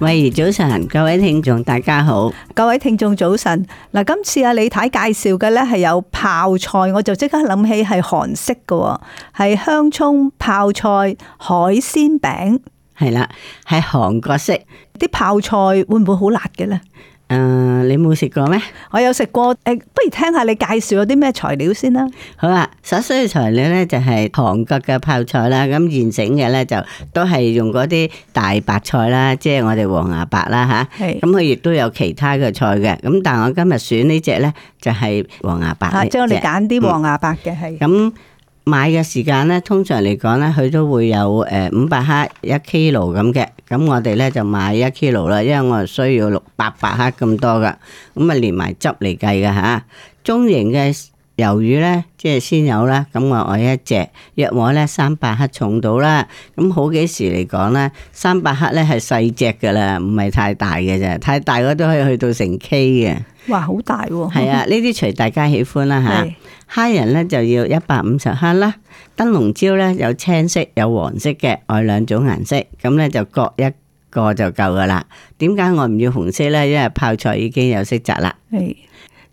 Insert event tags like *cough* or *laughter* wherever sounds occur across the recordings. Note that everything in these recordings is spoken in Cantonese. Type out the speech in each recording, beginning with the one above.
喂，早晨，各位聽眾大家好，各位聽眾早晨。嗱，今次阿李太介紹嘅呢係有泡菜，我就即刻諗起係韓式嘅，係香蔥泡菜海鮮餅，係啦，係韓國式。啲泡菜會唔會好辣嘅呢？誒，你冇食過咩？我有食過。誒，不如聽下你介紹有啲咩材料先啦。好啊，所需嘅材料咧就係韓國嘅泡菜啦。咁現成嘅咧就都係用嗰啲大白菜啦，即係我哋黃芽白啦，吓。係是。咁佢亦都有其他嘅菜嘅。咁但係我今日選呢隻咧就係黃芽白呢隻。即你揀啲黃芽白嘅係。嗯是買嘅時間咧，通常嚟講咧，佢都會有誒五百克一 kilo 咁嘅，咁我哋咧就買一 kilo 啦，因為我哋需要六百克咁多噶，咁啊連埋汁嚟計噶吓，中型嘅。魷魚呢，即係先有啦，咁我愛一隻，約我呢，三百克重到啦。咁好幾時嚟講呢，三百克呢係細隻噶啦，唔係太大嘅啫，太大我都可以去到成 K 嘅。哇，好大喎、哦！係啊，呢啲隨大家喜歡啦吓。蝦仁呢就要一百五十克啦。燈籠是椒呢，有青色、有黃色嘅，愛兩種顏色，咁呢就各一個就夠噶啦。點解我唔要紅色呢？因為泡菜已經有色澤啦。係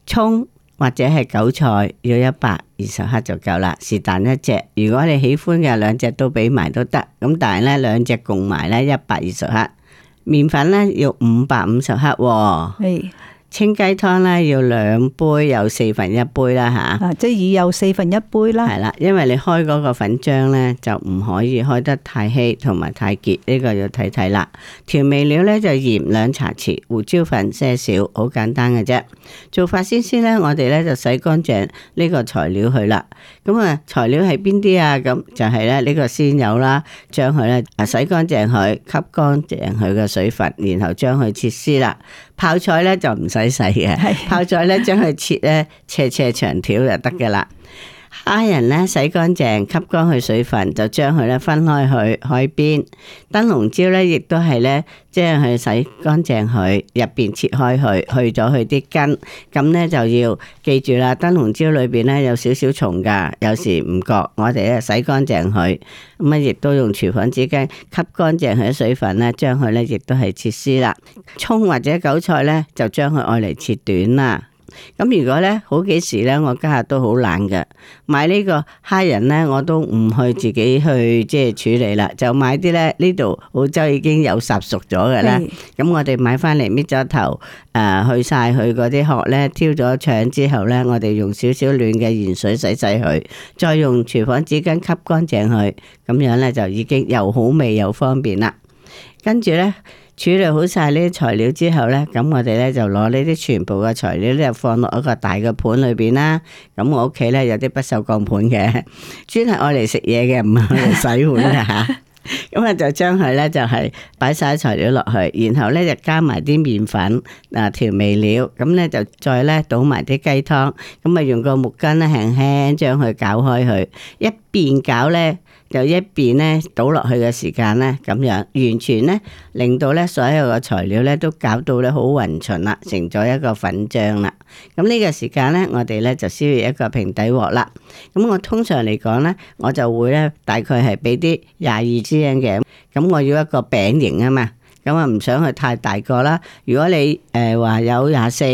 蔥是。或者係韭菜要一百二十克就夠啦，是但一隻。如果你喜歡嘅兩隻都俾埋都得，咁但係呢兩隻共埋呢一百二十克，麵粉呢要五百五十克。係。清雞湯咧要兩杯有四分一杯啦，吓、啊，即已有四分一杯啦。係啦，因為你開嗰個粉漿咧，就唔可以開得太稀同埋太結，呢、這個要睇睇啦。調味料咧就鹽兩茶匙，胡椒粉些少，好簡單嘅啫。做法先先咧，我哋咧就洗乾淨呢個材料去啦。咁啊，材料係邊啲啊？咁就係咧呢個鮮油啦，將佢咧洗乾淨佢，吸乾淨佢嘅水分，然後將佢切絲啦。泡菜咧就唔使洗嘅， *laughs* 泡菜咧將佢切咧斜斜長條就得嘅啦。蝦仁呢，洗乾淨，吸乾佢水分，就將佢呢分開去海邊。燈籠椒呢，亦都係呢將佢洗乾淨，佢入邊切開佢，去咗佢啲根。咁呢就要記住啦，燈籠椒裏邊呢，有少少蟲噶，有時唔覺。我哋呢，洗乾淨佢，咁啊亦都用廚房紙巾吸乾淨佢啲水分，呢將佢呢，亦都係切絲啦。蔥或者韭菜呢，就將佢愛嚟切短啦。咁如果咧，好幾時咧，我家下都好懶噶，買呢個蝦仁咧，我都唔去自己去即係處理啦，就買啲咧呢度澳洲已經有熟熟咗嘅啦。咁是我哋買翻嚟搣咗頭，誒、呃，去晒佢嗰啲殼咧，挑咗腸之後咧，我哋用少少暖嘅鹽水洗洗佢，再用廚房紙巾吸乾淨佢，咁樣咧就已經又好味又方便啦。跟住咧。處理好晒呢啲材料之後咧，咁我哋咧就攞呢啲全部嘅材料咧就放落一個大嘅盤裏邊啦。咁我屋企咧有啲不銹鋼盤嘅，專係愛嚟食嘢嘅，唔係愛嚟洗碗嘅吓。咁啊就將佢咧就係擺晒啲材料落去，然後咧就加埋啲麵粉嗱調味料，咁咧就再咧倒埋啲雞湯。咁啊用個木棍咧輕輕將佢攪開佢，一邊攪咧。就一邊咧倒落去嘅時間咧，咁樣完全咧令到咧所有嘅材料咧都搞到咧好勻勻啦，成咗一個粉漿啦。咁呢個時間咧，我哋咧就燒一個平底鑊啦。咁我通常嚟講咧，我就會咧大概係俾啲廿二 cm 嘅。咁我要一個餅型啊嘛。咁啊唔想去太大個啦。如果你誒話、呃、有廿四、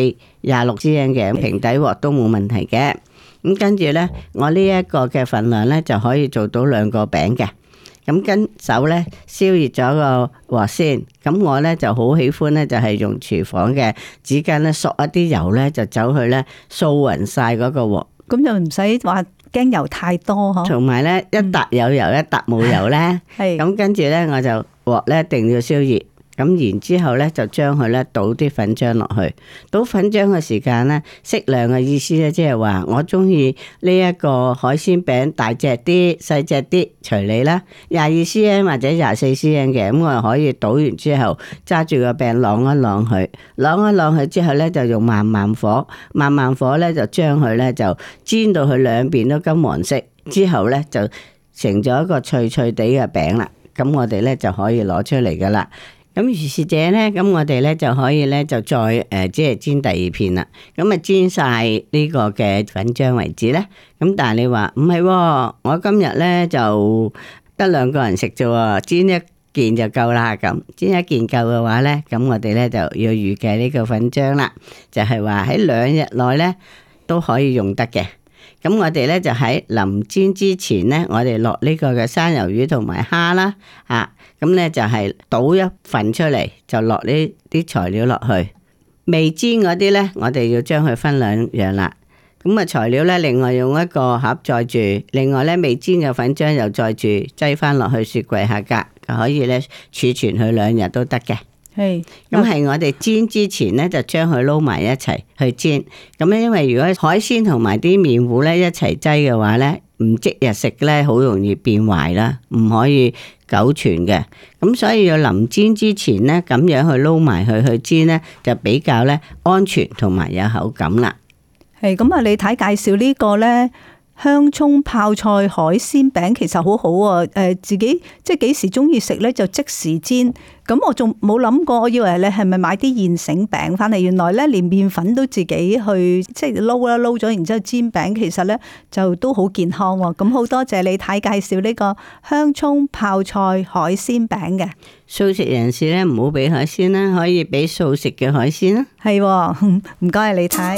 廿六 cm 嘅平底鑊都冇問題嘅。咁跟住呢，我呢一個嘅份量呢，就可以做到兩個餅嘅。咁跟手呢，燒熱咗個鑊先。咁我呢，就好喜歡呢，就係用廚房嘅紙巾呢，索一啲油呢，就走去呢，掃匀晒嗰個鑊。咁就唔使話驚油太多，同埋呢，嗯、一笪有油，一笪冇油呢。係、啊。咁跟住呢，我就鑊呢，一定要燒熱。咁然之後咧，就將佢咧倒啲粉漿落去。倒粉漿嘅時間咧，適量嘅意思咧，即係話我中意呢一個海鮮餅大隻啲、細隻啲，隨你啦。廿二 cm 或者廿四 cm 嘅，咁我係可以倒完之後揸住個餅晾一晾佢，晾一晾佢之後咧，就用慢慢火、慢慢火咧，就將佢咧就煎到佢兩邊都金黃色，之後咧就成咗一個脆脆哋嘅餅啦。咁我哋咧就可以攞出嚟噶啦。咁如是者咧，咁我哋咧就可以咧就再誒即係煎第二片啦。咁啊煎晒呢個嘅粉漿為止咧。咁但係你話唔係喎，我今日咧就得兩個人食啫喎，煎一件就夠啦。咁煎一件夠嘅話咧，咁我哋咧就要預計呢個粉漿啦，就係話喺兩日內咧都可以用得嘅。咁我哋咧就喺淋煎之前咧，我哋落呢個嘅生魷魚同埋蝦啦，啊，咁咧就係倒一份出嚟，就落呢啲材料落去未煎嗰啲咧，我哋要將佢分兩樣啦。咁啊，材料咧另外用一個盒載住，另外咧未煎嘅粉漿又載住，擠翻落去雪櫃下格，就可以咧儲存佢兩日都得嘅。係，咁係我哋煎之前咧，就將佢撈埋一齊去煎。咁咧，因為如果海鮮同埋啲麵糊咧一齊擠嘅話咧，唔即日食咧，好容易變壞啦，唔可以久存嘅。咁所以要臨煎之前咧，咁樣去撈埋佢去煎咧，就比較咧安全同埋有口感啦。係，咁啊，你睇介紹呢個咧。香蔥泡菜海鮮餅其實好好喎，自己即係幾時中意食呢，就即時煎，咁我仲冇諗過，我以為你係咪買啲現成餅翻嚟，原來呢，連麵粉都自己去即係撈啦撈咗，然之後煎餅其實呢，就都好健康喎。咁好多謝李太介紹呢個香蔥泡菜海鮮餅嘅。素食人士呢，唔好俾海鮮啦，可以俾素食嘅海鮮啦。係，唔該啊，李太。